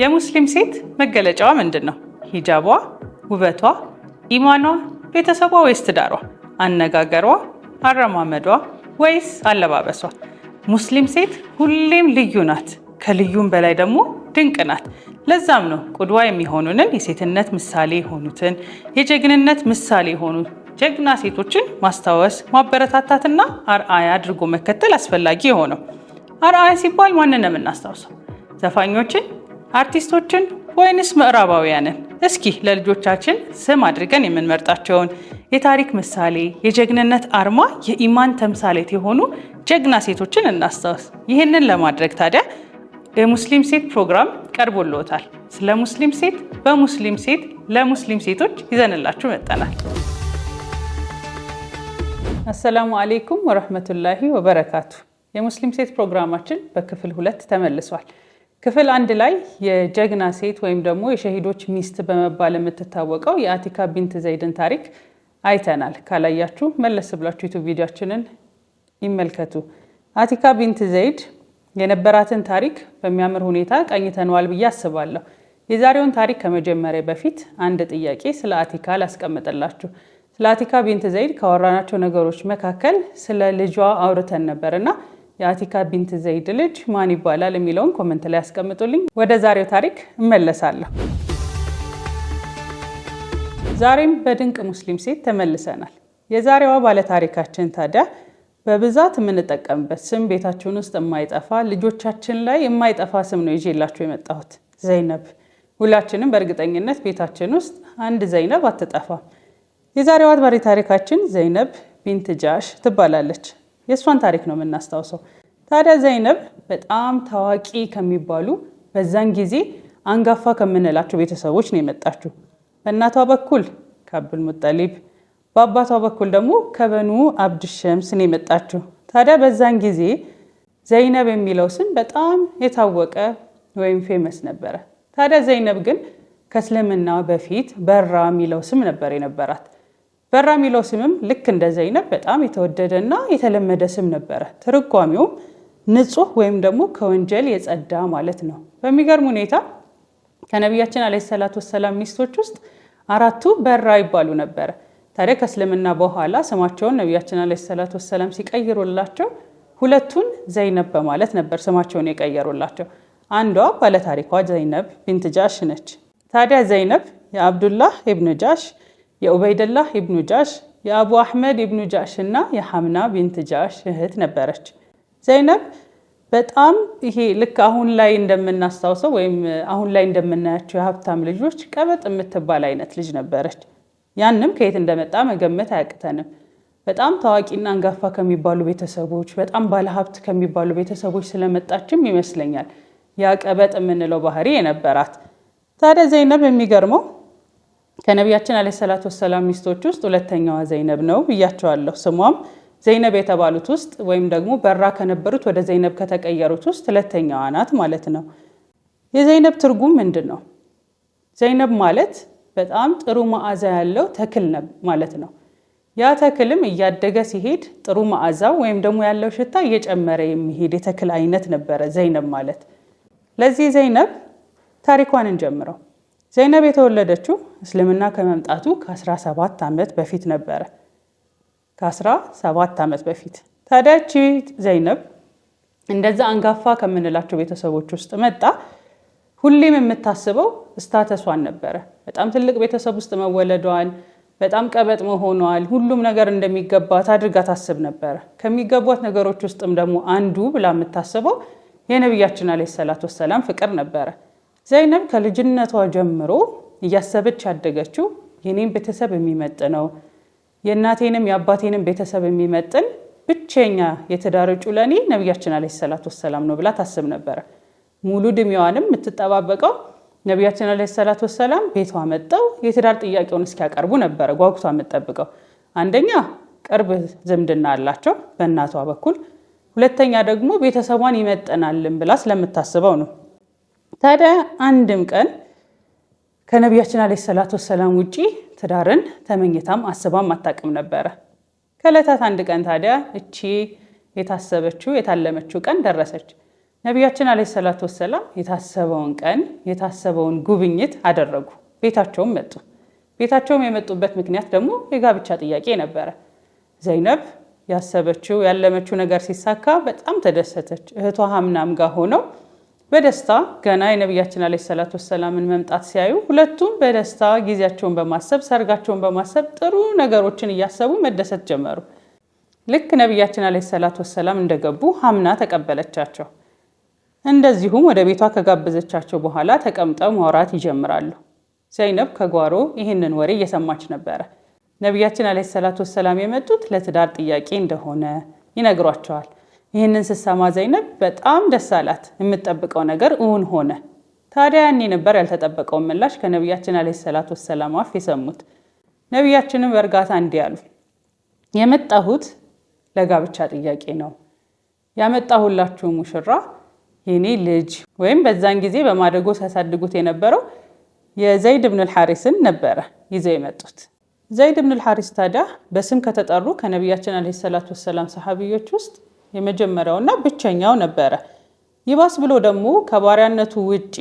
የሙስሊም ሴት መገለጫዋ ምንድን ነው? ሂጃቧ፣ ውበቷ፣ ኢማኗ፣ ቤተሰቧ ወይስ ትዳሯ? አነጋገሯ፣ አረማመዷ ወይስ አለባበሷ? ሙስሊም ሴት ሁሌም ልዩ ናት። ከልዩም በላይ ደግሞ ድንቅ ናት። ለዛም ነው ቁድዋ የሚሆኑንን የሴትነት ምሳሌ የሆኑትን የጀግንነት ምሳሌ የሆኑ ጀግና ሴቶችን ማስታወስ ማበረታታትና አርአያ አድርጎ መከተል አስፈላጊ የሆነው። አርአያ ሲባል ማንን ነው የምናስታውሰው? ዘፋኞችን፣ አርቲስቶችን ወይንስ ምዕራባውያንን? እስኪ ለልጆቻችን ስም አድርገን የምንመርጣቸውን የታሪክ ምሳሌ፣ የጀግንነት አርማ፣ የኢማን ተምሳሌት የሆኑ ጀግና ሴቶችን እናስታውስ። ይህንን ለማድረግ ታዲያ የሙስሊም ሴት ፕሮግራም ቀርቦልዎታል። ስለ ሙስሊም ሴት በሙስሊም ሴት ለሙስሊም ሴቶች ይዘንላችሁ መጠናል። አሰላሙ አሌይኩም ወረህመቱላሂ ወበረካቱ። የሙስሊም ሴት ፕሮግራማችን በክፍል ሁለት ተመልሷል። ክፍል አንድ ላይ የጀግና ሴት ወይም ደግሞ የሸሂዶች ሚስት በመባል የምትታወቀው የአቲካ ቢንት ዘይድን ታሪክ አይተናል። ካላያችሁ መለስ ብላችሁ ዩቱብ ቪዲዮችንን ይመልከቱ። አቲካ ቢንት ዘይድ የነበራትን ታሪክ በሚያምር ሁኔታ ቀኝተነዋል ብዬ አስባለሁ። የዛሬውን ታሪክ ከመጀመሪያ በፊት አንድ ጥያቄ ስለ አቲካ ላስቀምጥላችሁ። ስለ አቲካ ቢንት ዘይድ ካወራናቸው ነገሮች መካከል ስለ ልጇ አውርተን ነበርና የአቲካ ቢንት ዘይድ ልጅ ማን ይባላል የሚለውን ኮመንት ላይ ያስቀምጡልኝ። ወደ ዛሬው ታሪክ እመለሳለሁ። ዛሬም በድንቅ ሙስሊም ሴት ተመልሰናል። የዛሬዋ ባለታሪካችን ታዲያ በብዛት የምንጠቀምበት ስም ቤታችን ውስጥ የማይጠፋ ልጆቻችን ላይ የማይጠፋ ስም ነው ይዤላችሁ የመጣሁት ዘይነብ። ሁላችንም በእርግጠኝነት ቤታችን ውስጥ አንድ ዘይነብ አትጠፋም። የዛሬዋ ባለታሪካችን ዘይነብ ቢንት ጃሽ ትባላለች። የእሷን ታሪክ ነው የምናስታውሰው። ታዲያ ዘይነብ በጣም ታዋቂ ከሚባሉ በዛን ጊዜ አንጋፋ ከምንላቸው ቤተሰቦች ነው የመጣችው። በእናቷ በኩል ከአብዱል ሙጠሊብ፣ በአባቷ በኩል ደግሞ ከበኑ አብድ ሸምስ ነው የመጣችው። ታዲያ በዛን ጊዜ ዘይነብ የሚለው ስም በጣም የታወቀ ወይም ፌመስ ነበረ። ታዲያ ዘይነብ ግን ከእስልምና በፊት በራ የሚለው ስም ነበር የነበራት። በራ የሚለው ስምም ልክ እንደ ዘይነብ በጣም የተወደደና የተለመደ ስም ነበረ። ትርጓሜውም ንጹህ ወይም ደግሞ ከወንጀል የጸዳ ማለት ነው። በሚገርም ሁኔታ ከነቢያችን ዓለይሂ ሰላቱ ወሰላም ሚስቶች ውስጥ አራቱ በራ ይባሉ ነበረ። ታዲያ ከእስልምና በኋላ ስማቸውን ነቢያችን ዓለይሂ ሰላቱ ወሰላም ሲቀይሩላቸው ሁለቱን ዘይነብ በማለት ነበር ስማቸውን የቀየሩላቸው። አንዷ ባለታሪኳ ዘይነብ ቢንት ጃሽ ነች። ታዲያ ዘይነብ የአብዱላህ ኢብኑ ጃሽ የኡበይደላህ ኢብኑ ጃሽ የአቡ አሕመድ ኢብኑ ጃሽ እና የሐምና ቢንት ጃሽ እህት ነበረች። ዘይነብ በጣም ይሄ ልክ አሁን ላይ እንደምናስታውሰው ወይም አሁን ላይ እንደምናያቸው የሀብታም ልጆች ቀበጥ የምትባል አይነት ልጅ ነበረች። ያንም ከየት እንደመጣ መገመት አያቅተንም። በጣም ታዋቂና አንጋፋ ከሚባሉ ቤተሰቦች፣ በጣም ባለሀብት ከሚባሉ ቤተሰቦች ስለመጣችም ይመስለኛል ያ ቀበጥ የምንለው ባህሪ የነበራት። ታዲያ ዘይነብ የሚገርመው ከነቢያችን አለ ሰላት ወሰላም ሚስቶች ውስጥ ሁለተኛዋ ዘይነብ ነው ብያቸዋለሁ። ስሟም ዘይነብ የተባሉት ውስጥ ወይም ደግሞ በራ ከነበሩት ወደ ዘይነብ ከተቀየሩት ውስጥ ሁለተኛዋ ናት ማለት ነው። የዘይነብ ትርጉም ምንድን ነው? ዘይነብ ማለት በጣም ጥሩ መዓዛ ያለው ተክል ማለት ነው። ያ ተክልም እያደገ ሲሄድ ጥሩ መዓዛው ወይም ደግሞ ያለው ሽታ እየጨመረ የሚሄድ የተክል አይነት ነበረ ዘይነብ ማለት። ለዚህ ዘይነብ ታሪኳን እንጀምረው። ዘይነብ የተወለደችው እስልምና ከመምጣቱ ከ17 ዓመት በፊት ነበረ። ከ17 ዓመት በፊት ታዲያ ይቺ ዘይነብ እንደዛ አንጋፋ ከምንላቸው ቤተሰቦች ውስጥ መጣ። ሁሌም የምታስበው ስታተሷን ነበረ። በጣም ትልቅ ቤተሰብ ውስጥ መወለዷን፣ በጣም ቀበጥ መሆኗል ሁሉም ነገር እንደሚገባት አድርጋ ታስብ ነበረ። ከሚገቧት ነገሮች ውስጥም ደግሞ አንዱ ብላ የምታስበው የነቢያችን ዓለይሂ ሰላቱ ወሰላም ፍቅር ነበረ። ዘይነብ ከልጅነቷ ጀምሮ እያሰበች ያደገችው የኔን ቤተሰብ የሚመጥነው የእናቴንም የአባቴንም ቤተሰብ የሚመጥን ብቸኛ የትዳር እጩ ለእኔ ነቢያችን አለ ሰላት ወሰላም ነው ብላ ታስብ ነበረ። ሙሉ ድሜዋንም የምትጠባበቀው ነቢያችን አለ ሰላት ወሰላም ቤቷ መጠው የትዳር ጥያቄውን እስኪያቀርቡ ነበረ ጓጉቷ የምጠብቀው አንደኛ ቅርብ ዝምድና አላቸው በእናቷ በኩል፣ ሁለተኛ ደግሞ ቤተሰቧን ይመጠናልን ብላ ስለምታስበው ነው። ታዲያ አንድም ቀን ከነቢያችን አለ ሰላት ወሰላም ውጪ ትዳርን ተመኝታም አስባም አታውቅም ነበረ። ከእለታት አንድ ቀን ታዲያ እቺ የታሰበችው የታለመችው ቀን ደረሰች። ነቢያችን አለ ሰላት ወሰላም የታሰበውን ቀን የታሰበውን ጉብኝት አደረጉ። ቤታቸውም መጡ። ቤታቸውም የመጡበት ምክንያት ደግሞ የጋብቻ ጥያቄ ነበረ። ዘይነብ ያሰበችው ያለመችው ነገር ሲሳካ በጣም ተደሰተች። እህቷ ሀምናም ጋር ሆነው በደስታ ገና የነቢያችን አለ ሰላት ወሰላምን መምጣት ሲያዩ ሁለቱም በደስታ ጊዜያቸውን በማሰብ ሰርጋቸውን በማሰብ ጥሩ ነገሮችን እያሰቡ መደሰት ጀመሩ። ልክ ነቢያችን አለ ሰላት ወሰላም እንደገቡ ሀምና ተቀበለቻቸው። እንደዚሁም ወደ ቤቷ ከጋበዘቻቸው በኋላ ተቀምጠው ማውራት ይጀምራሉ። ዘይነብ ከጓሮ ይህንን ወሬ እየሰማች ነበረ። ነቢያችን አለ ሰላት ወሰላም የመጡት ለትዳር ጥያቄ እንደሆነ ይነግሯቸዋል። ይህንን ስሰማ ዘይነብ በጣም ደስ አላት። የምትጠብቀው ነገር እውን ሆነ። ታዲያ ያኔ ነበር ያልተጠበቀውን ምላሽ ከነቢያችን አለ ሰላት ወሰላም አፍ የሰሙት። ነቢያችንም በእርጋታ እንዲህ አሉ፣ የመጣሁት ለጋብቻ ጥያቄ ነው። ያመጣሁላችሁ ሙሽራ የኔ ልጅ ወይም በዛን ጊዜ በማደጎ ሲያሳድጉት የነበረው የዘይድ ብን ሐሪስን ነበረ ይዘው የመጡት። ዘይድ ብን ሐሪስ ታዲያ በስም ከተጠሩ ከነቢያችን አለ ሰላት ወሰላም ሰሐቢዮች ውስጥ የመጀመሪያውና ብቸኛው ነበረ። ይባስ ብሎ ደግሞ ከባሪያነቱ ውጪ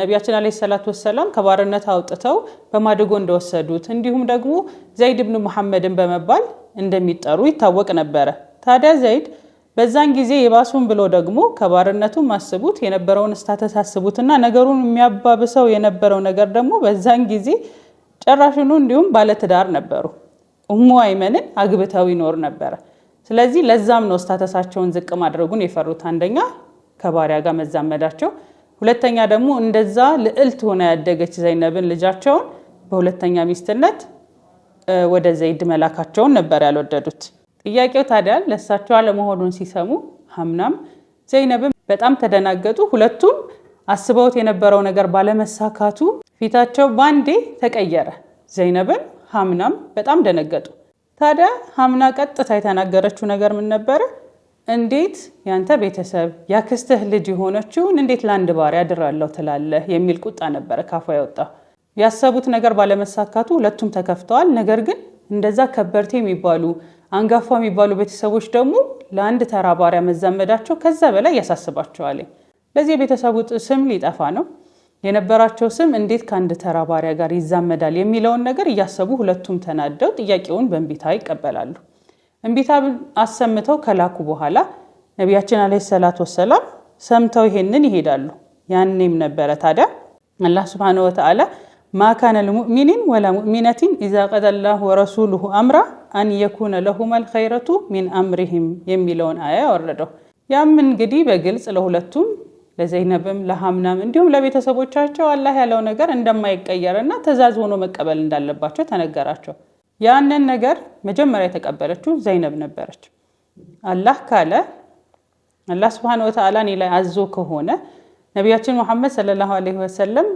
ነቢያችን አለይሂ ሰላቱ ወሰላም ከባርነት አውጥተው በማደጎ እንደወሰዱት እንዲሁም ደግሞ ዘይድ ብን መሐመድን በመባል እንደሚጠሩ ይታወቅ ነበረ። ታዲያ ዘይድ በዛን ጊዜ የባሱን ብሎ ደግሞ ከባርነቱ ማስቡት የነበረውን ስታተስ እና ነገሩን የሚያባብሰው የነበረው ነገር ደግሞ በዛን ጊዜ ጨራሽኑ እንዲሁም ባለትዳር ነበሩ። ኡሙ አይመንን አግብተው ይኖር ነበረ። ስለዚህ ለዛም ነው ስታተሳቸውን ዝቅ ማድረጉን የፈሩት። አንደኛ ከባሪያ ጋር መዛመዳቸው፣ ሁለተኛ ደግሞ እንደዛ ልዕልት ሆና ያደገች ዘይነብን ልጃቸውን በሁለተኛ ሚስትነት ወደ ዘይድ መላካቸውን ነበር ያልወደዱት። ጥያቄው ታዲያ ለእሳቸው አለመሆኑን ሲሰሙ ሀምናም ዘይነብን በጣም ተደናገጡ። ሁለቱም አስበውት የነበረው ነገር ባለመሳካቱ ፊታቸው ባንዴ ተቀየረ። ዘይነብን ሀምናም በጣም ደነገጡ። ታዲያ ሀምና ቀጥታ የተናገረችው ነገር ምን ነበረ? እንዴት ያንተ ቤተሰብ ያክስትህ ልጅ የሆነችውን እንዴት ለአንድ ባሪያ አድራለሁ ትላለህ? የሚል ቁጣ ነበረ ካፏ ያወጣው። ያሰቡት ነገር ባለመሳካቱ ሁለቱም ተከፍተዋል። ነገር ግን እንደዛ ከበርቴ የሚባሉ አንጋፋ የሚባሉ ቤተሰቦች ደግሞ ለአንድ ተራ ባሪያ መዛመዳቸው ከዛ በላይ ያሳስባቸዋል። ለዚህ የቤተሰቡ ስም ሊጠፋ ነው። የነበራቸው ስም እንዴት ከአንድ ተራ ባሪያ ጋር ይዛመዳል የሚለውን ነገር እያሰቡ ሁለቱም ተናደው ጥያቄውን በእንቢታ ይቀበላሉ። እንቢታ አሰምተው ከላኩ በኋላ ነቢያችን አለ ሰላት ወሰላም ሰምተው ይሄንን ይሄዳሉ። ያኔም ነበረ ታዲያ አላህ ስብሓነሁ ወተዓላ ማካነ ልሙእሚኒን ወላ ሙእሚነቲን ኢዛ ቀደላሁ ወረሱሉሁ አምራ አን የኩነ ለሁም አልኸይረቱ ሚን አምርህም የሚለውን አያ ያወረደው ያም እንግዲህ በግልጽ ለሁለቱም ለዘይነብም ለሀምናም እንዲሁም ለቤተሰቦቻቸው አላህ ያለው ነገር እንደማይቀየር እና ትዕዛዝ ሆኖ መቀበል እንዳለባቸው ተነገራቸው። ያንን ነገር መጀመሪያ የተቀበለችው ዘይነብ ነበረች። አላህ ካለ አላህ ስብሐነ ወተዓላ እኔ ላይ አዞ ከሆነ ነቢያችን ሙሐመድ ሰለላሁ ዓለይሂ ወሰለም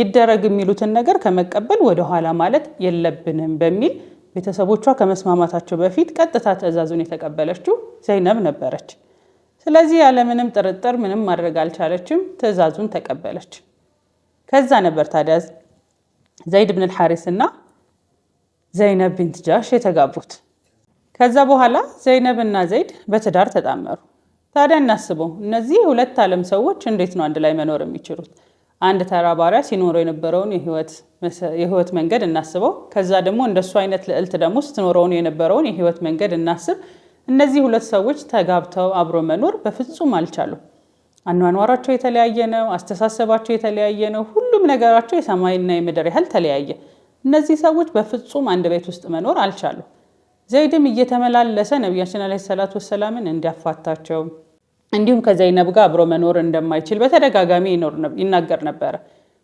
ይደረግ የሚሉትን ነገር ከመቀበል ወደኋላ ማለት የለብንም በሚል ቤተሰቦቿ ከመስማማታቸው በፊት ቀጥታ ትዕዛዙን የተቀበለችው ዘይነብ ነበረች። ስለዚህ ያለምንም ጥርጥር ምንም ማድረግ አልቻለችም፣ ትዕዛዙን ተቀበለች። ከዛ ነበር ታዲያ ዘይድ ብን ልሓሪስ እና ዘይነብ ቢንት ጃሽ የተጋቡት። ከዛ በኋላ ዘይነብ እና ዘይድ በትዳር ተጣመሩ። ታዲያ እናስበው፣ እነዚህ ሁለት ዓለም ሰዎች እንዴት ነው አንድ ላይ መኖር የሚችሉት? አንድ ተራ ባሪያ ሲኖረው የነበረውን የህይወት መንገድ እናስበው። ከዛ ደግሞ እንደሱ አይነት ልዕልት ደግሞ ስትኖረውን የነበረውን የህይወት መንገድ እናስብ። እነዚህ ሁለት ሰዎች ተጋብተው አብሮ መኖር በፍጹም አልቻሉም። አኗኗራቸው የተለያየ ነው። አስተሳሰባቸው የተለያየ ነው። ሁሉም ነገራቸው የሰማይና የምድር ያህል ተለያየ። እነዚህ ሰዎች በፍጹም አንድ ቤት ውስጥ መኖር አልቻሉም። ዘይድም እየተመላለሰ ነቢያችን ዓለይሂ ሰላት ወሰላምን እንዲያፋታቸው እንዲሁም ከዘይነብ ጋር አብሮ መኖር እንደማይችል በተደጋጋሚ ይናገር ነበረ።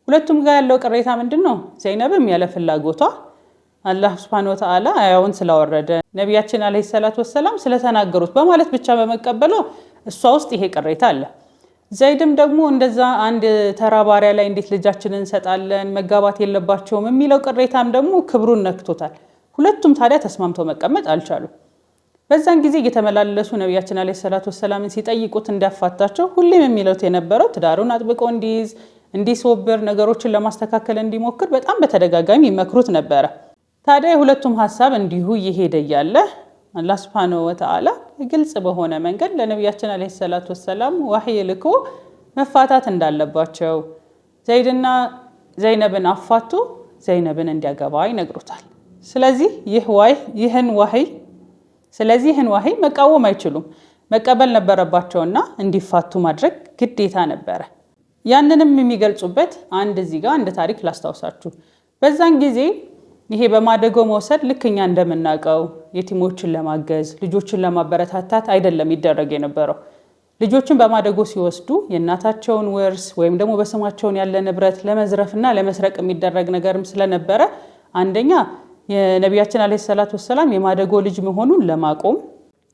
ሁለቱም ጋር ያለው ቅሬታ ምንድን ነው? ዘይነብም ያለ ፍላጎቷ አላህ ስብሐነ ወተዓላ አያውን ስላወረደ ነቢያችን አለይሂ ሰላቱ ወሰላም ስለተናገሩት በማለት ብቻ በመቀበሉ እሷ ውስጥ ይሄ ቅሬታ አለ። ዘይድም ደግሞ እንደዛ አንድ ተራ ባሪያ ላይ እንዴት ልጃችንን እንሰጣለን መጋባት የለባቸውም የሚለው ቅሬታም ደግሞ ክብሩን ነክቶታል። ሁለቱም ታዲያ ተስማምተው መቀመጥ አልቻሉም። በዛን ጊዜ እየተመላለሱ ነቢያችን አለይሂ ሰላቱ ወሰላምን ሲጠይቁት እንዳፋታቸው ሁሌም የሚለት የነበረው ትዳሩን አጥብቆ እንዲይዝ እንዲስወብር ነገሮችን ለማስተካከል እንዲሞክር በጣም በተደጋጋሚ ይመክሩት ነበረ። ታዲያ የሁለቱም ሀሳብ እንዲሁ እየሄደ እያለ አላህ ሱብሓነሁ ወተዓላ ግልጽ በሆነ መንገድ ለነቢያችን ዓለይሂ ሰላቱ ወሰላም ዋህይ ልኮ መፋታት እንዳለባቸው ዘይድና ዘይነብን አፋቱ ዘይነብን እንዲያገባ ይነግሩታል። ስለዚህ ይህን ዋህይ ስለዚህ ይህን ዋህይ መቃወም አይችሉም። መቀበል ነበረባቸውና እንዲፋቱ ማድረግ ግዴታ ነበረ። ያንንም የሚገልጹበት አንድ እዚህ ጋር አንድ ታሪክ ላስታውሳችሁ በዛን ጊዜ ይሄ በማደጎ መውሰድ ልክኛ እንደምናቀው እንደምናውቀው የቲሞችን ለማገዝ ልጆችን ለማበረታታት አይደለም ይደረግ የነበረው። ልጆችን በማደጎ ሲወስዱ የእናታቸውን ውርስ ወይም ደግሞ በስማቸውን ያለ ንብረት ለመዝረፍና ለመስረቅ የሚደረግ ነገርም ስለነበረ አንደኛ የነቢያችን አለ ሰላት ወሰላም የማደጎ ልጅ መሆኑን ለማቆም፣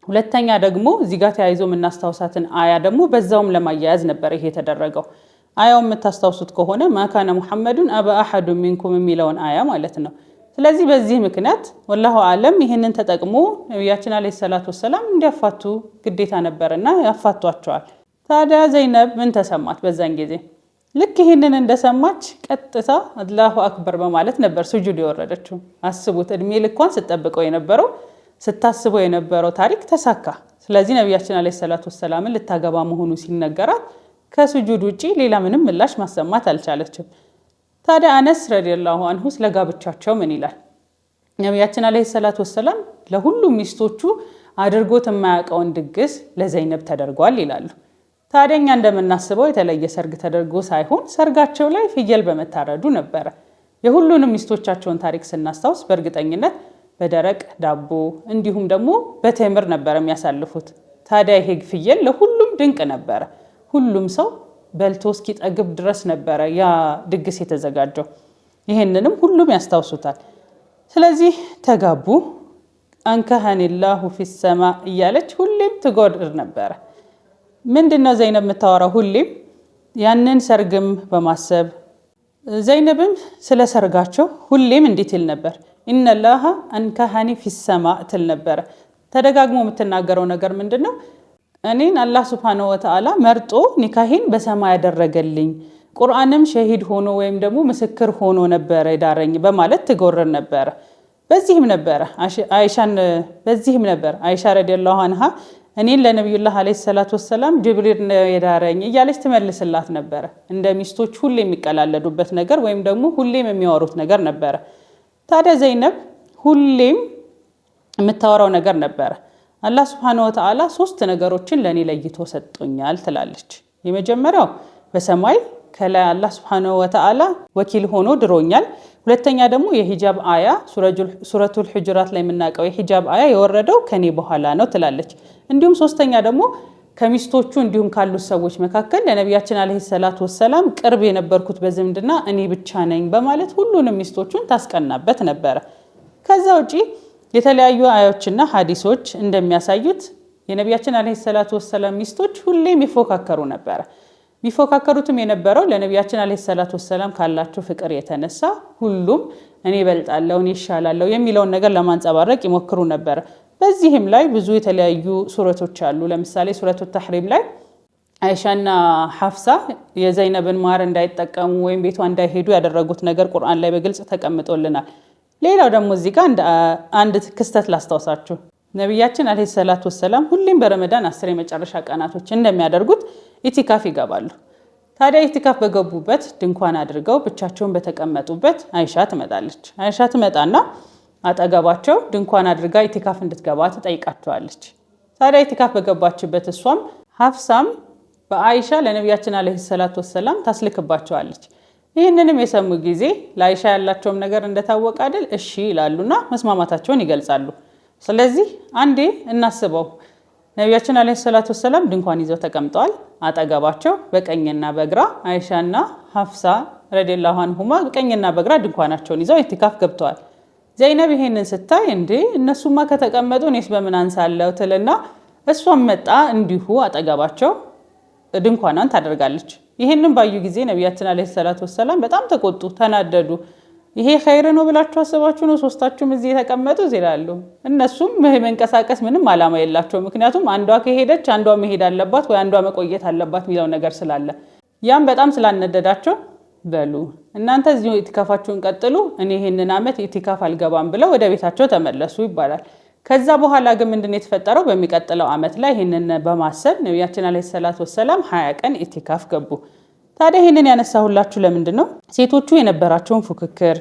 ሁለተኛ ደግሞ እዚህ ጋር ተያይዞ የምናስታውሳትን አያ ደግሞ በዛውም ለማያያዝ ነበር ይሄ የተደረገው። አያው የምታስታውሱት ከሆነ ማካነ ሙሐመዱን አባ አሐዱ ሚንኩም የሚለውን አያ ማለት ነው። ስለዚህ በዚህ ምክንያት ወላሁ አለም ይህንን ተጠቅሞ ነቢያችን አለ ሰላት ወሰላም እንዲያፋቱ ግዴታ ነበርና ያፋቷቸዋል። ታዲያ ዘይነብ ምን ተሰማች? በዛን ጊዜ ልክ ይህንን እንደሰማች ቀጥታ አላሁ አክበር በማለት ነበር ስጁድ የወረደችው። አስቡት፣ እድሜ ልኳን ስጠብቀው የነበረው ስታስበው የነበረው ታሪክ ተሳካ። ስለዚህ ነቢያችን አለ ሰላት ወሰላምን ልታገባ መሆኑ ሲነገራት ከስጁድ ውጪ ሌላ ምንም ምላሽ ማሰማት አልቻለችም። ታዲያ አነስ ረዲየላሁ አንሁ ስለ ጋብቻቸው ምን ይላል? ነቢያችን ዓለይሂ ሰላት ወሰላም ለሁሉም ሚስቶቹ አድርጎት የማያውቀውን ድግስ ለዘይነብ ተደርጓል ይላሉ። ታዲያ እኛ እንደምናስበው የተለየ ሰርግ ተደርጎ ሳይሆን ሰርጋቸው ላይ ፍየል በመታረዱ ነበረ። የሁሉንም ሚስቶቻቸውን ታሪክ ስናስታውስ በእርግጠኝነት በደረቅ ዳቦ እንዲሁም ደግሞ በቴምር ነበር የሚያሳልፉት። ታዲያ ይሄ ፍየል ለሁሉም ድንቅ ነበረ። ሁሉም ሰው በልቶ እስኪጠግብ ድረስ ነበረ ያ ድግስ የተዘጋጀው። ይህንንም ሁሉም ያስታውሱታል። ስለዚህ ተጋቡ። አንከሀኒላሁ ፊሰማ እያለች ሁሌም ትጎድር ነበረ። ምንድነው ዘይነብ የምታወራው? ሁሌም ያንን ሰርግም በማሰብ ዘይነብም ስለ ሰርጋቸው ሁሌም እንዴት ይል ነበር? ኢነላሃ አንካሃኒ ፊሰማ ትል ነበረ። ተደጋግሞ የምትናገረው ነገር ምንድን ነው? እኔን አላህ ስብሓነ ወተዓላ መርጦ ኒካሄን በሰማይ ያደረገልኝ ቁርአንም ሸሂድ ሆኖ ወይም ደግሞ ምስክር ሆኖ ነበረ የዳረኝ በማለት ትጎርር ነበረ። በዚህም ነበረ አይሻን በዚህም ነበር አይሻ ረዲየላሁ አንሃ እኔን ለነቢዩላህ ዓለይሂ ሰላቱ ወሰላም ጅብሪል ነው የዳረኝ እያለች ትመልስላት ነበረ። እንደ ሚስቶች ሁሌ የሚቀላለዱበት ነገር ወይም ደግሞ ሁሌም የሚያወሩት ነገር ነበረ። ታዲያ ዘይነብ ሁሌም የምታወራው ነገር ነበረ አላህ ስብሐነ ወተዓላ ሶስት ነገሮችን ለእኔ ለይቶ ሰጡኛል ትላለች። የመጀመሪያው በሰማይ ከላይ አላህ ስብሐነ ወተዓላ ወኪል ሆኖ ድሮኛል። ሁለተኛ ደግሞ የሂጃብ አያ ሱረቱል ሑጅራት ላይ የምናውቀው የሂጃብ አያ የወረደው ከኔ በኋላ ነው ትላለች። እንዲሁም ሶስተኛ ደግሞ ከሚስቶቹ እንዲሁም ካሉት ሰዎች መካከል ለነቢያችን ዓለይሂ ሰላቱ ወሰላም ቅርብ የነበርኩት በዝምድና እኔ ብቻ ነኝ በማለት ሁሉንም ሚስቶቹን ታስቀናበት ነበረ። ከዛ ውጪ የተለያዩ አያዎችና ሀዲሶች እንደሚያሳዩት የነቢያችን አለ ሰላቱ ወሰላም ሚስቶች ሁሌም ይፎካከሩ ነበረ። የሚፎካከሩትም የነበረው ለነቢያችን አለ ሰላቱ ወሰላም ካላቸው ፍቅር የተነሳ ሁሉም እኔ እበልጣለሁ፣ እኔ ይሻላለሁ የሚለውን ነገር ለማንጸባረቅ ይሞክሩ ነበረ። በዚህም ላይ ብዙ የተለያዩ ሱረቶች አሉ። ለምሳሌ ሱረቱ ተሕሪም ላይ አይሻና ሐፍሳ የዘይነብን ማር እንዳይጠቀሙ ወይም ቤቷ እንዳይሄዱ ያደረጉት ነገር ቁርአን ላይ በግልጽ ተቀምጦልናል። ሌላው ደግሞ እዚህ ጋር አንድ ክስተት ላስታውሳችሁ። ነቢያችን አለ ሰላት ወሰላም ሁሌም በረመዳን አስር የመጨረሻ ቀናቶች እንደሚያደርጉት ኢቲካፍ ይገባሉ። ታዲያ ኢቲካፍ በገቡበት ድንኳን አድርገው ብቻቸውን በተቀመጡበት አይሻ ትመጣለች። አይሻ ትመጣና አጠገባቸው ድንኳን አድርጋ ኢቲካፍ እንድትገባ ትጠይቃቸዋለች። ታዲያ ኢቲካፍ በገባችበት እሷም ሀፍሳም በአይሻ ለነቢያችን አለ ሰላት ወሰላም ታስልክባቸዋለች። ይህንንም የሰሙ ጊዜ ለአይሻ ያላቸውም ነገር እንደታወቀ አይደል እሺ ይላሉና መስማማታቸውን ይገልጻሉ። ስለዚህ አንዴ እናስበው። ነቢያችን አለ ሰላት ወሰላም ድንኳን ይዘው ተቀምጠዋል። አጠገባቸው በቀኝና በግራ አይሻና ሀፍሳ ረዲየላሁ አንሁማ በቀኝና በግራ ድንኳናቸውን ይዘው ኢትካፍ ገብተዋል። ዘይነብ ይሄንን ስታይ እንዴ እነሱማ ከተቀመጡ እኔስ በምን አንሳለው ትልና እሷም መጣ እንዲሁ አጠገባቸው ድንኳኗን ታደርጋለች። ይህንም ባዩ ጊዜ ነቢያችን አለ ሰላት ወሰላም በጣም ተቆጡ፣ ተናደዱ። ይሄ ኸይር ነው ብላችሁ አስባችሁ ነው ሶስታችሁም እዚህ የተቀመጡ ይላሉ። እነሱም መንቀሳቀስ ምንም አላማ የላቸው። ምክንያቱም አንዷ ከሄደች አንዷ መሄድ አለባት ወይ አንዷ መቆየት አለባት የሚለው ነገር ስላለ ያም በጣም ስላነደዳቸው በሉ እናንተ እዚሁ ኢቲካፋችሁን ቀጥሉ፣ እኔ ይህንን ዓመት ኢቲካፍ አልገባም ብለው ወደ ቤታቸው ተመለሱ ይባላል። ከዛ በኋላ ግን ምንድን የተፈጠረው በሚቀጥለው ዓመት ላይ ይህንን በማሰብ ነቢያችን ዓለይሂ ሰላቱ ወሰላም ሀያ ቀን ኢቲካፍ ገቡ። ታዲያ ይህንን ያነሳሁላችሁ ለምንድን ነው? ሴቶቹ የነበራቸውን ፉክክር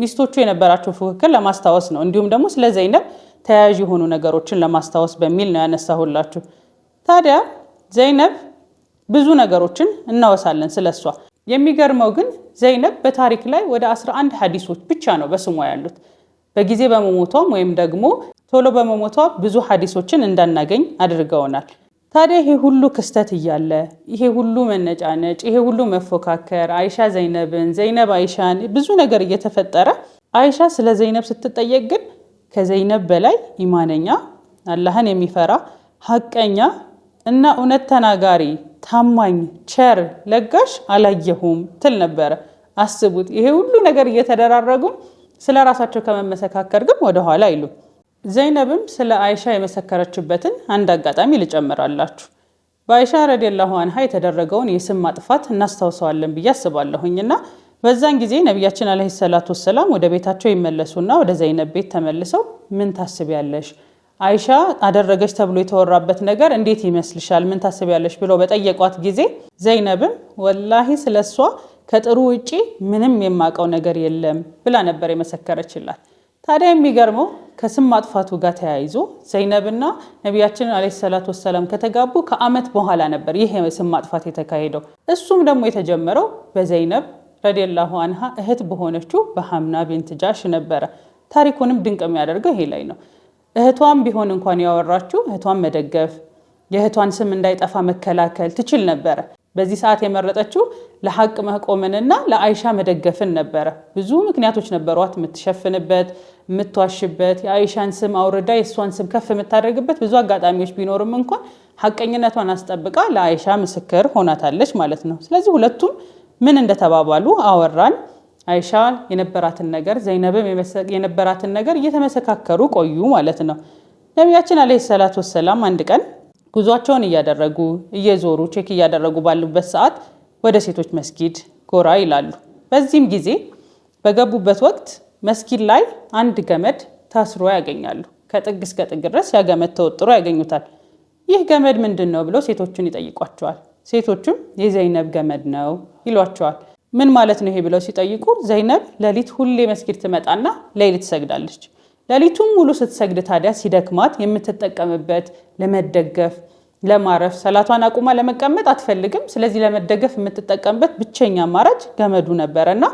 ሚስቶቹ የነበራቸውን ፉክክር ለማስታወስ ነው። እንዲሁም ደግሞ ስለ ዘይነብ ተያያዥ የሆኑ ነገሮችን ለማስታወስ በሚል ነው ያነሳሁላችሁ። ታዲያ ዘይነብ ብዙ ነገሮችን እናወሳለን ስለ እሷ። የሚገርመው ግን ዘይነብ በታሪክ ላይ ወደ 11 ሀዲሶች ብቻ ነው በስሟ ያሉት። በጊዜ በመሞቷም ወይም ደግሞ ቶሎ በመሞቷ ብዙ ሀዲሶችን እንዳናገኝ አድርገውናል። ታዲያ ይሄ ሁሉ ክስተት እያለ ይሄ ሁሉ መነጫነጭ፣ ይሄ ሁሉ መፎካከር፣ አይሻ ዘይነብን፣ ዘይነብ አይሻን፣ ብዙ ነገር እየተፈጠረ አይሻ ስለ ዘይነብ ስትጠየቅ ግን ከዘይነብ በላይ ኢማነኛ፣ አላህን የሚፈራ ሀቀኛ እና እውነት ተናጋሪ ታማኝ፣ ቸር፣ ለጋሽ አላየሁም ትል ነበረ። አስቡት ይሄ ሁሉ ነገር እየተደራረጉም ስለ ራሳቸው ከመመሰካከር ግን ወደኋላ አይሉም። ዘይነብም ስለ አይሻ የመሰከረችበትን አንድ አጋጣሚ ልጨምራላችሁ። በአይሻ ረዲየላሁ አንሃ የተደረገውን የስም ማጥፋት እናስታውሰዋለን ብዬ አስባለሁኝና በዛን ጊዜ ነቢያችን አለህ ሰላቱ ወሰላም ወደ ቤታቸው ይመለሱና ወደ ዘይነብ ቤት ተመልሰው ምን ታስቢያለሽ አይሻ አደረገች ተብሎ የተወራበት ነገር እንዴት ይመስልሻል? ምን ታስቢያለሽ ብለው በጠየቋት ጊዜ ዘይነብም ወላሂ ስለ እሷ ከጥሩ ውጪ ምንም የማውቀው ነገር የለም ብላ ነበር የመሰከረችላት። ታዲያ የሚገርመው ከስም ማጥፋቱ ጋር ተያይዞ ዘይነብና ነቢያችን አለ ሰላት ወሰላም ከተጋቡ ከአመት በኋላ ነበር ይህ የስም ማጥፋት የተካሄደው። እሱም ደግሞ የተጀመረው በዘይነብ ረዲየላሁ አንሃ እህት በሆነችው በሐምና ቢንት ጃሽ ነበረ። ታሪኩንም ድንቅ የሚያደርገው ይሄ ላይ ነው። እህቷም ቢሆን እንኳን ያወራችው እህቷን መደገፍ የእህቷን ስም እንዳይጠፋ መከላከል ትችል ነበረ። በዚህ ሰዓት የመረጠችው ለሀቅ መቆምንና ለአይሻ መደገፍን ነበረ። ብዙ ምክንያቶች ነበሯት። የምትሸፍንበት፣ የምትዋሽበት፣ የአይሻን ስም አውርዳ የእሷን ስም ከፍ የምታደርግበት ብዙ አጋጣሚዎች ቢኖርም እንኳን ሀቀኝነቷን አስጠብቃ ለአይሻ ምስክር ሆናታለች ማለት ነው። ስለዚህ ሁለቱም ምን እንደተባባሉ አወራን። አይሻ የነበራትን ነገር፣ ዘይነብም የነበራትን ነገር እየተመሰካከሩ ቆዩ ማለት ነው። ነቢያችን አለይሂ ሰላቱ ወሰላም አንድ ቀን ጉዟቸውን እያደረጉ እየዞሩ ቼክ እያደረጉ ባሉበት ሰዓት ወደ ሴቶች መስጊድ ጎራ ይላሉ። በዚህም ጊዜ በገቡበት ወቅት መስጊድ ላይ አንድ ገመድ ታስሮ ያገኛሉ። ከጥግ እስከ ጥግ ድረስ ያ ገመድ ተወጥሮ ያገኙታል። ይህ ገመድ ምንድን ነው ብለው ሴቶቹን ይጠይቋቸዋል። ሴቶቹም የዘይነብ ገመድ ነው ይሏቸዋል። ምን ማለት ነው ይሄ ብለው ሲጠይቁ ዘይነብ ሌሊት ሁሌ መስጊድ ትመጣና ሌሊት ትሰግዳለች። ሌሊቱን ሙሉ ስትሰግድ ታዲያ ሲደክማት የምትጠቀምበት ለመደገፍ ለማረፍ ሰላቷን አቁማ ለመቀመጥ አትፈልግም። ስለዚህ ለመደገፍ የምትጠቀምበት ብቸኛ አማራጭ ገመዱ ነበረና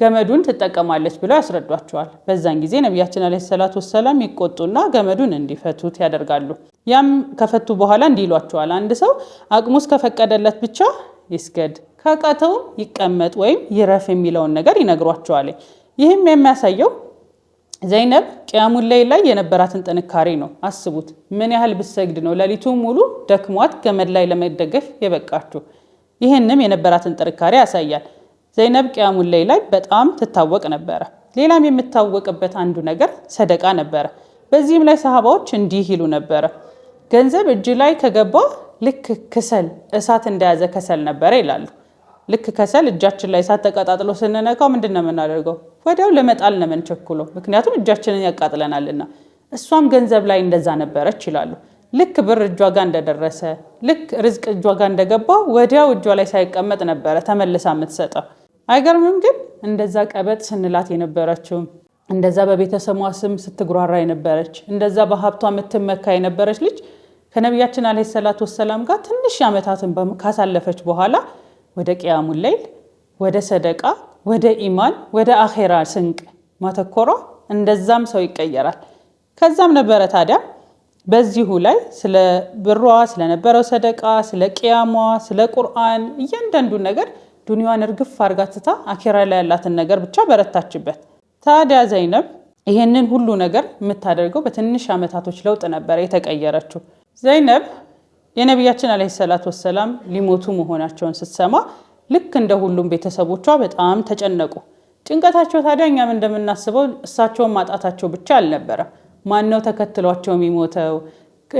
ገመዱን ትጠቀማለች ብለው ያስረዷቸዋል። በዛን ጊዜ ነቢያችን አለ ሰላት ወሰላም ይቆጡና ገመዱን እንዲፈቱት ያደርጋሉ። ያም ከፈቱ በኋላ እንዲሏቸዋል። ይሏቸዋል። አንድ ሰው አቅሙ እስከፈቀደለት ብቻ ይስገድ፣ ካቃተውም ይቀመጥ ወይም ይረፍ የሚለውን ነገር ይነግሯቸዋል። ይህም የሚያሳየው ዘይነብ ቅያሙን ላይ ላይ የነበራትን ጥንካሬ ነው። አስቡት ምን ያህል ብትሰግድ ነው ሌሊቱ ሙሉ ደክሟት ገመድ ላይ ለመደገፍ የበቃችሁ። ይህንም የነበራትን ጥንካሬ ያሳያል። ዘይነብ ቅያሙን ላይ ላይ በጣም ትታወቅ ነበረ። ሌላም የምታወቅበት አንዱ ነገር ሰደቃ ነበረ። በዚህም ላይ ሰሃባዎች እንዲህ ይሉ ነበረ፣ ገንዘብ እጅ ላይ ከገባ ልክ ክሰል እሳት እንደያዘ ከሰል ነበረ ይላሉ። ልክ ከሰል እጃችን ላይ እሳት ተቀጣጥሎ ስንነካው ምንድን ነው የምናደርገው? ወዲያው ለመጣል ነው የምንቸኩለው፣ ምክንያቱም እጃችንን ያቃጥለናልና። እሷም ገንዘብ ላይ እንደዛ ነበረች ይላሉ። ልክ ብር እጇ ጋር እንደደረሰ፣ ልክ ርዝቅ እጇ ጋር እንደገባ ወዲያው እጇ ላይ ሳይቀመጥ ነበረ ተመልሳ የምትሰጠው። አይገርምም? ግን እንደዛ ቀበጥ ስንላት የነበረችው እንደዛ በቤተሰቧ ስም ስትጉራራ የነበረች እንደዛ በሀብቷ የምትመካ የነበረች ልጅ ከነቢያችን አለ ሰላት ወሰላም ጋር ትንሽ ዓመታትን ካሳለፈች በኋላ ወደ ቅያሙ ሌይል፣ ወደ ሰደቃ፣ ወደ ኢማን፣ ወደ አኼራ ስንቅ ማተኮሯ እንደዛም ሰው ይቀየራል። ከዛም ነበረ ታዲያ በዚሁ ላይ ስለ ብሯ ስለነበረው ሰደቃ፣ ስለ ቅያሟ፣ ስለ ቁርአን እያንዳንዱን ነገር ዱኒዋን እርግፍ አርጋ ትታ አኬራ ላይ ያላትን ነገር ብቻ በረታችበት። ታዲያ ዘይነብ ይሄንን ሁሉ ነገር የምታደርገው በትንሽ ዓመታቶች ለውጥ ነበረ የተቀየረችው ዘይነብ የነቢያችን አለ ሰላት ወሰላም ሊሞቱ መሆናቸውን ስትሰማ ልክ እንደ ሁሉም ቤተሰቦቿ በጣም ተጨነቁ። ጭንቀታቸው ታዲያ እኛም እንደምናስበው እሳቸውን ማጣታቸው ብቻ አልነበረም። ማነው ተከትሏቸው የሚሞተው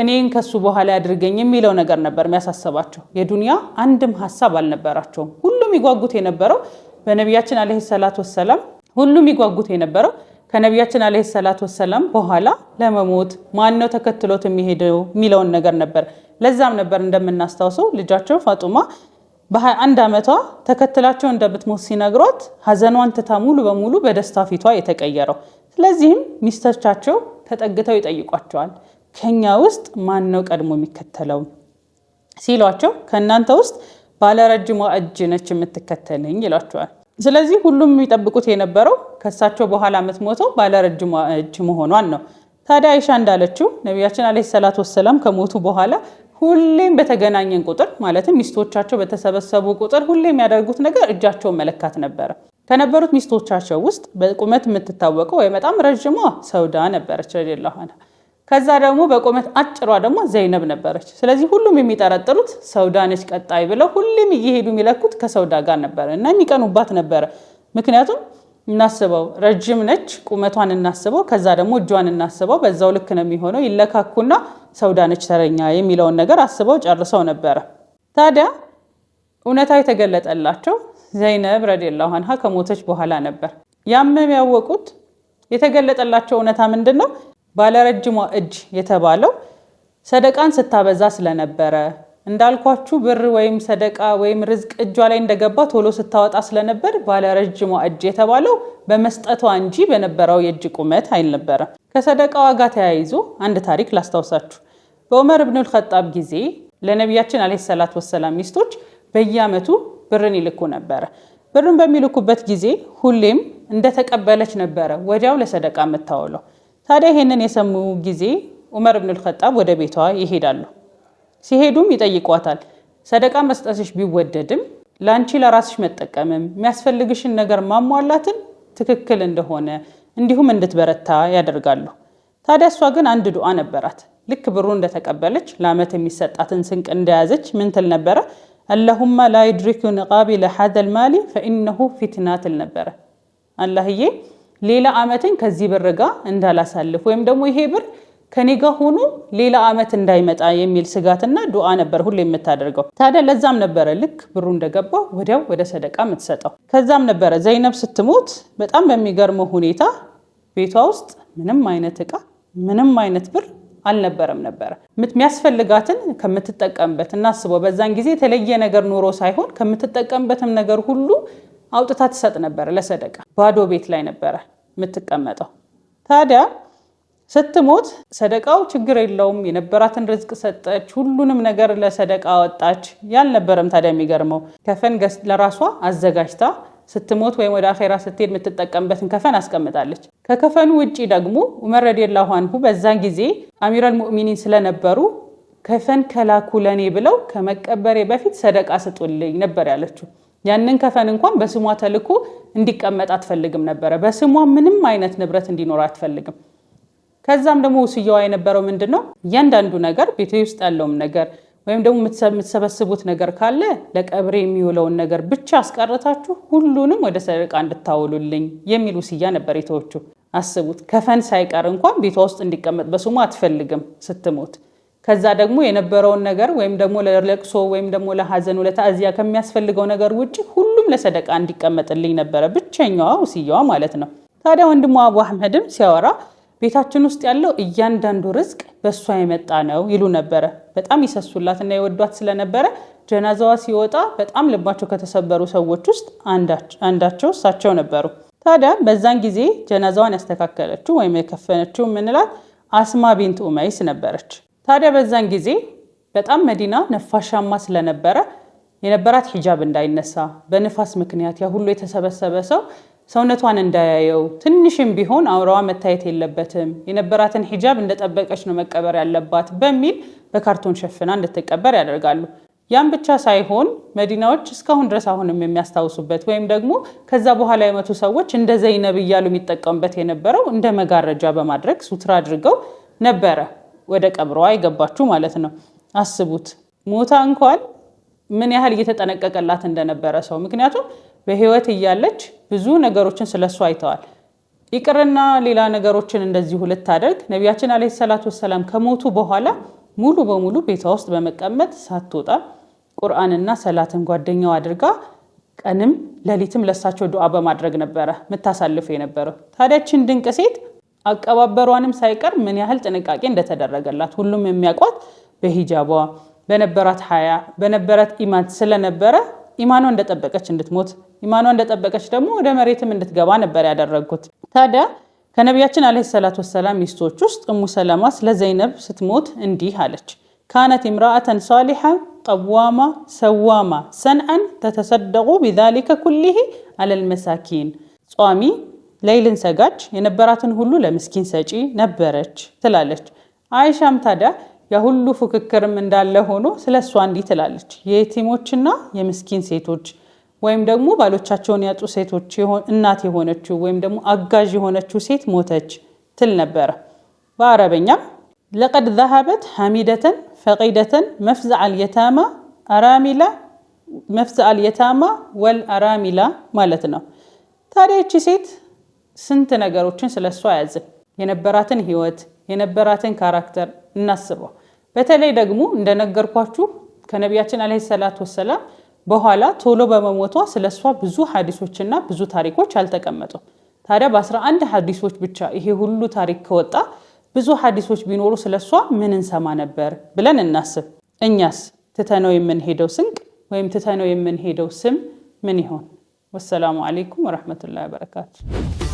እኔን ከሱ በኋላ ያድርገኝ የሚለው ነገር ነበር የሚያሳስባቸው። የዱንያ አንድም ሀሳብ አልነበራቸውም። ሁሉም ይጓጉት የነበረው በነቢያችን አለ ሰላት ወሰላም ሁሉም ይጓጉት የነበረው ከነቢያችን አለ ሰላት ወሰላም በኋላ ለመሞት ማነው ተከትሎት የሚሄደው የሚለውን ነገር ነበር ለዛም ነበር እንደምናስታውሰው ልጃቸው ፋጡማ በ አንድ ዓመቷ ተከትላቸው እንደምትሞት ሲነግሯት ሀዘኗን ትታ ሙሉ በሙሉ በደስታ ፊቷ የተቀየረው። ስለዚህም ሚስቶቻቸው ተጠግተው ይጠይቋቸዋል። ከኛ ውስጥ ማን ነው ቀድሞ የሚከተለው ሲሏቸው፣ ከእናንተ ውስጥ ባለረጅሟ እጅ ነች የምትከተልኝ ይሏቸዋል። ስለዚህ ሁሉም የሚጠብቁት የነበረው ከእሳቸው በኋላ የምትሞተው ባለረጅሟ እጅ መሆኗን ነው። ታዲያ አይሻ እንዳለችው ነቢያችን አለይሂ ሰላቱ ወሰላም ከሞቱ በኋላ ሁሌም በተገናኘን ቁጥር ማለትም ሚስቶቻቸው በተሰበሰቡ ቁጥር ሁሌም የሚያደርጉት ነገር እጃቸውን መለካት ነበረ። ከነበሩት ሚስቶቻቸው ውስጥ በቁመት የምትታወቀው ወይ በጣም ረዥሟ ሰውዳ ነበረች፣ ሌላ ከዛ ደግሞ በቁመት አጭሯ ደግሞ ዘይነብ ነበረች። ስለዚህ ሁሉም የሚጠረጥሩት ሰውዳ ነች ቀጣይ ብለው ሁሌም እየሄዱ የሚለኩት ከሰውዳ ጋር ነበረ እና የሚቀኑባት ነበረ። ምክንያቱም እናስበው ረጅም ነች ቁመቷን እናስበው፣ ከዛ ደግሞ እጇን እናስበው፣ በዛው ልክ ነው የሚሆነው። ይለካኩና ሰውዳነች ተረኛ የሚለውን ነገር አስበው ጨርሰው ነበረ። ታዲያ እውነታ የተገለጠላቸው ዘይነብ ረዲየላሁ አንሃ ከሞተች በኋላ ነበር። ያምም ያወቁት የተገለጠላቸው እውነታ ምንድን ነው? ባለረጅሟ እጅ የተባለው ሰደቃን ስታበዛ ስለነበረ እንዳልኳችሁ ብር ወይም ሰደቃ ወይም ርዝቅ እጇ ላይ እንደገባ ቶሎ ስታወጣ ስለነበር ባለረጅሟ እጅ የተባለው በመስጠቷ እንጂ በነበረው የእጅ ቁመት አይነበረም። ከሰደቃዋ ጋር ተያይዞ አንድ ታሪክ ላስታውሳችሁ። በዑመር እብኑል ኸጣብ ጊዜ ለነቢያችን አለይሂ ሰላት ወሰላም ሚስቶች በየአመቱ ብርን ይልኩ ነበረ። ብርን በሚልኩበት ጊዜ ሁሌም እንደተቀበለች ነበረ ወዲያው ለሰደቃ የምታውለው። ታዲያ ይሄንን የሰሙ ጊዜ ዑመር እብኑል ኸጣብ ወደ ቤቷ ይሄዳሉ። ሲሄዱም ይጠይቋታል። ሰደቃ መስጠትሽ ቢወደድም ለአንቺ ለራስሽ መጠቀምም የሚያስፈልግሽን ነገር ማሟላትን ትክክል እንደሆነ እንዲሁም እንድትበረታ ያደርጋሉ። ታዲያ እሷ ግን አንድ ዱዓ ነበራት። ልክ ብሩ እንደተቀበለች ለአመት የሚሰጣትን ስንቅ እንደያዘች ምን ትል ነበረ? አላሁማ ላ ዩድሪኩ ንቃቢ ለሓደ ማሊ ፈኢነሁ ፊትና ትል ነበረ። አላህዬ ሌላ አመትን ከዚህ ብር ጋር እንዳላሳልፍ ወይም ደግሞ ይሄ ብር ከኔ ጋ ሆኖ ሌላ አመት እንዳይመጣ የሚል ስጋትና ዱዓ ነበር ሁሌ የምታደርገው። ታዲያ ለዛም ነበረ ልክ ብሩ እንደገባ ወዲያው ወደ ሰደቃ የምትሰጠው። ከዛም ነበረ ዘይነብ ስትሞት በጣም በሚገርመው ሁኔታ ቤቷ ውስጥ ምንም አይነት እቃ ምንም አይነት ብር አልነበረም ነበረ የሚያስፈልጋትን ከምትጠቀምበት እናስበው። በዛን ጊዜ የተለየ ነገር ኑሮ ሳይሆን ከምትጠቀምበትም ነገር ሁሉ አውጥታ ትሰጥ ነበረ ለሰደቃ። ባዶ ቤት ላይ ነበረ የምትቀመጠው። ታዲያ ስትሞት ሰደቃው ችግር የለውም የነበራትን ርዝቅ ሰጠች፣ ሁሉንም ነገር ለሰደቃ አወጣች። ያልነበረም ታዲያ የሚገርመው ከፈን ለራሷ አዘጋጅታ ስትሞት ወይም ወደ አኼራ ስትሄድ የምትጠቀምበትን ከፈን አስቀምጣለች። ከከፈኑ ውጪ ደግሞ ዑመር ረዲየላሁ አንሁ በዛን ጊዜ አሚራል ሙእሚኒን ስለነበሩ ከፈን ከላኩ ለኔ ብለው ከመቀበሬ በፊት ሰደቃ ስጡልኝ ነበር ያለችው። ያንን ከፈን እንኳን በስሟ ተልኮ እንዲቀመጥ አትፈልግም ነበረ። በስሟ ምንም አይነት ንብረት እንዲኖር አትፈልግም። ከዛም ደግሞ ውስያዋ የነበረው ምንድን ነው? እያንዳንዱ ነገር ቤቴ ውስጥ ያለውም ነገር ወይም ደግሞ የምትሰበስቡት ነገር ካለ ለቀብሬ የሚውለውን ነገር ብቻ አስቀርታችሁ ሁሉንም ወደ ሰደቃ እንድታውሉልኝ የሚል ውስያ ነበር የተዎቹ። አስቡት ከፈን ሳይቀር እንኳን ቤቷ ውስጥ እንዲቀመጥ በስሙ አትፈልግም ስትሞት። ከዛ ደግሞ የነበረውን ነገር ወይም ደግሞ ለለቅሶ ወይም ደግሞ ለሐዘን ለታዚያ ከሚያስፈልገው ነገር ውጭ ሁሉም ለሰደቃ እንዲቀመጥልኝ ነበረ ብቸኛዋ ውስያዋ ማለት ነው። ታዲያ ወንድሟ አቡ አህመድም ሲያወራ ቤታችን ውስጥ ያለው እያንዳንዱ ርዝቅ በእሷ የመጣ ነው ይሉ ነበረ። በጣም ይሰሱላት እና የወዷት ስለነበረ ጀናዛዋ ሲወጣ በጣም ልባቸው ከተሰበሩ ሰዎች ውስጥ አንዳቸው እሳቸው ነበሩ። ታዲያ በዛን ጊዜ ጀናዛዋን ያስተካከለችው ወይም የከፈነችው የምንላት አስማ ቢንት ኡመይስ ነበረች። ታዲያ በዛን ጊዜ በጣም መዲና ነፋሻማ ስለነበረ የነበራት ሂጃብ እንዳይነሳ በንፋስ ምክንያት ያ ሁሉ የተሰበሰበ ሰው ሰውነቷን እንዳያየው ትንሽም ቢሆን አውራዋ መታየት የለበትም፣ የነበራትን ሂጃብ እንደጠበቀች ነው መቀበር ያለባት በሚል በካርቶን ሸፍና እንድትቀበር ያደርጋሉ። ያም ብቻ ሳይሆን መዲናዎች እስካሁን ድረስ አሁንም የሚያስታውሱበት ወይም ደግሞ ከዛ በኋላ የመቱ ሰዎች እንደ ዘይነብ እያሉ የሚጠቀሙበት የነበረው እንደ መጋረጃ በማድረግ ሱትር አድርገው ነበረ ወደ ቀብረዋ የገባችሁ ማለት ነው። አስቡት ሞታ እንኳን ምን ያህል እየተጠነቀቀላት እንደነበረ ሰው ምክንያቱም በህይወት እያለች ብዙ ነገሮችን ስለሱ አይተዋል። ይቅርና ሌላ ነገሮችን እንደዚሁ ልታደርግ ነቢያችን አለ ሰላት ወሰላም ከሞቱ በኋላ ሙሉ በሙሉ ቤቷ ውስጥ በመቀመጥ ሳትወጣ ቁርአንና ሰላትን ጓደኛው አድርጋ ቀንም ሌሊትም ለሳቸው ዱዓ በማድረግ ነበረ የምታሳልፈው የነበረው። ታዲያችን ድንቅ ሴት አቀባበሯንም ሳይቀር ምን ያህል ጥንቃቄ እንደተደረገላት ሁሉም የሚያውቋት በሂጃቧ በነበራት ሀያ በነበራት ኢማን ስለነበረ ኢማኗ እንደጠበቀች እንድትሞት ኢማኗ እንደጠበቀች ደግሞ ወደ መሬትም እንድትገባ ነበር ያደረግኩት። ታዲያ ከነቢያችን አለ ሰላት ወሰላም ሚስቶች ውስጥ እሙ ሰላማ ስለ ዘይነብ ስትሞት እንዲህ አለች። ካነት ኢምራአተን ሳሊሐ ቀዋማ ሰዋማ ሰንአን ተተሰደቁ ቢዛሊከ ኩሊሂ አለል መሳኪን ጿሚ ለይልን ሰጋጅ የነበራትን ሁሉ ለምስኪን ሰጪ ነበረች ትላለች። አይሻም ታዲያ የሁሉ ፉክክርም እንዳለ ሆኖ ስለ እሷ እንዲህ ትላለች። የየቲሞችና የምስኪን ሴቶች ወይም ደግሞ ባሎቻቸውን ያጡ ሴቶች እናት የሆነችው ወይም ደግሞ አጋዥ የሆነችው ሴት ሞተች ትል ነበረ። በአረበኛም ለቀድ ዘሀበት ሐሚደተን ፈቂደተን መፍዘዕ የታማ አራሚላ ወል አራሚላ ማለት ነው። ታዲያ ይቺ ሴት ስንት ነገሮችን ስለ እሷ ያዝን። የነበራትን ህይወት፣ የነበራትን ካራክተር እናስበው። በተለይ ደግሞ እንደነገርኳችሁ ከነቢያችን አለ ሰላት ወሰላም በኋላ ቶሎ በመሞቷ ስለሷ ብዙ ሀዲሶችና ብዙ ታሪኮች አልተቀመጡም። ታዲያ በአስራ 11 ሀዲሶች ብቻ ይሄ ሁሉ ታሪክ ከወጣ ብዙ ሀዲሶች ቢኖሩ ስለሷ ምን እንሰማ ነበር ብለን እናስብ። እኛስ ትተነው የምንሄደው ስንቅ ወይም ትተነው የምንሄደው ስም ምን ይሆን? ወሰላሙ አሌይኩም ወረሕመቱላሂ ወበረካቱ።